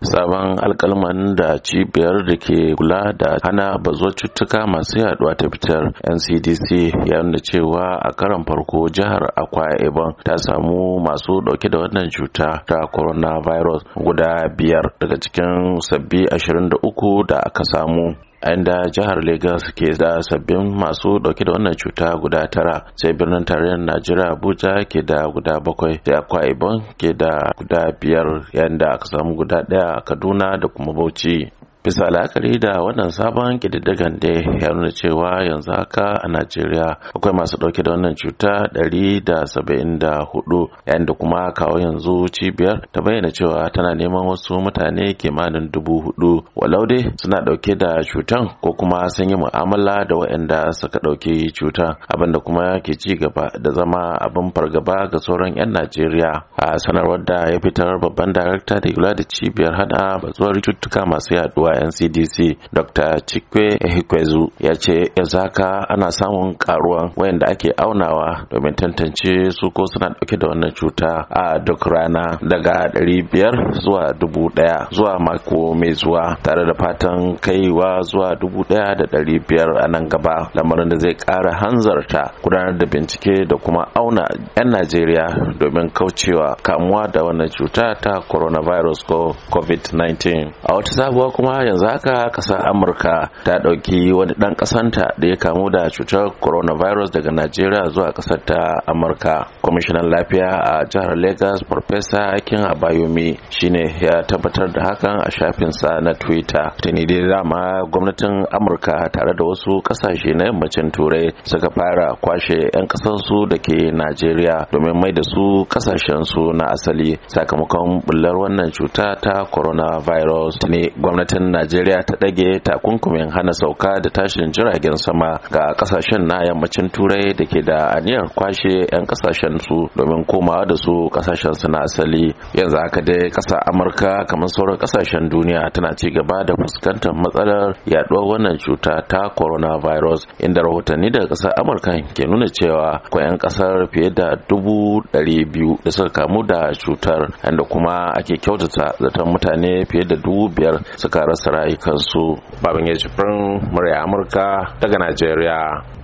sabon alkalman da cibiyar da ke kula da hana bazo cutuka masu yaduwa ta fitar ncdc ya nuna cewa a karan farko jihar akwa ibom ta samu masu dauke da wannan cuta ta coronavirus guda biyar daga cikin sabbi 23 da aka samu inda jihar Legas ke da sabbin masu dauke da wannan cuta guda tara sai birnin tarayyar Najeriya Abuja ke da guda bakwai sai Akwa Ibom ke da guda biyar yanda da aka samu guda daya a Kaduna da kuma Bauchi bisa la'akari da wannan sabon kididdigan da ya nuna cewa yanzu haka a najeriya akwai masu dauke da wannan cuta 174 yayin da kuma kawo yanzu cibiyar ta bayyana cewa tana neman wasu mutane kimanin dubu hudu walau dai suna dauke da cutan ko kuma sun yi mu'amala da waɗanda suka ɗauki cuta abinda kuma ke ci gaba da zama abin fargaba ga sauran 'yan najeriya a sanarwar da ya fitar babban darakta da yula da cibiyar hada batsuwar cututtuka masu yaduwa wa ncdc dr chikwe ehikwezu ya ce yanzu haka ana samun karuwan wayanda ake aunawa domin tantance su ko suna dauke da wannan cuta a duk rana daga 500 zuwa 1000 zuwa mako mai zuwa tare da fatan kaiwa zuwa 1500 a nan gaba lamarin da zai kara hanzarta gudanar da bincike da kuma auna 'yan najeriya domin kaucewa kamuwa da wannan cuta ta coronavirus ko covid-19 a wata sabuwa kuma yanzu haka kasar amurka ta ɗauki wani ɗan ƙasanta da ya kamu da cutar coronavirus daga najeriya zuwa ƙasar ta amurka kwamishinan lafiya a jihar lagos farfesa akin abayomi shine ya tabbatar da hakan a shafinsa na twitter tuni dai dama gwamnatin amurka tare da wasu ƙasashe na yammacin turai suka fara kwashe 'yan ƙasarsu da ke najeriya domin mai da su ƙasashensu na asali sakamakon bullar wannan cuta ta coronavirus ne gwamnatin najeriya ta ɗage takunkumin hana sauka da tashin jiragen sama ga ƙasashen na yammacin turai da ke da aniyar kwashe 'yan kasashen su domin komawa da su kasashen su na asali yanzu haka dai ƙasa amurka kamar sauran kasashen duniya tana ci gaba da fuskantar matsalar yaduwar wannan cuta ta coronavirus inda rahotanni daga ƙasar amurka ke nuna cewa ko 'yan ƙasar fiye da dubu ɗari biyu da suka kamu da cutar inda kuma ake kyautata zaton mutane fiye da dubu biyar suka rasa rasa rayukansu baban ya jibrin murya amurka daga najeriya